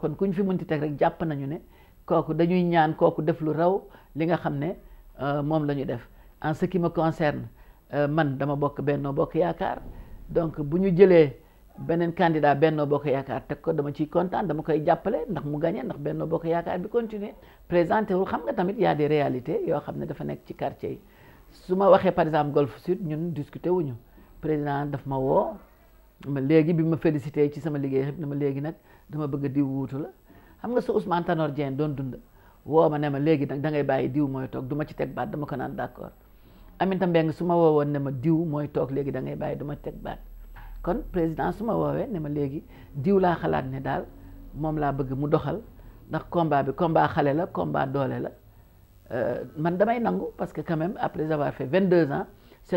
kon ku ñu fi ti teg rek jàpp nañu ne kooku dañuy ñaan kooku def lu raw li nga xam ne euh, moom la ñu def en ce qui me concerne euh, man dama bokk Benno Bokk Yaakaar donc bu ñu jëlee beneen candidat Benno Bokk Yaakaar teg ko dama ciy kontaan dama koy jàppale ndax mu gagné ndax Benno Bokk Yaakaar bi continuer présenté wul xam nga tamit yaa a des réalités yoo xam ne dafa nekk ci quartier yi su ma waxee par exemple Golf Sud ñun discuter wuñu président daf ma woo ma léegi bi ma félicité ci sama liggéey xëpp na ma léegi nag dama bëgg diw wuutu la xam nga su Ousmane Tanor Dieng doon dund woo ma ne ma léegi nag da bàyyi diw mooy toog du ci teg baat dama ko naan d'accord Aminata Mbengue su ma woowoon ne ma diw mooy toog léegi dangay bàyyi du teg baat kon président su ma woowee ne ma léegi diw laa xalaat ne daal moom laa bëgg mu doxal ndax combat bi combat xale la combat doole la euh, man damay nangu parce que quand même après avoir fait 22 ans c'est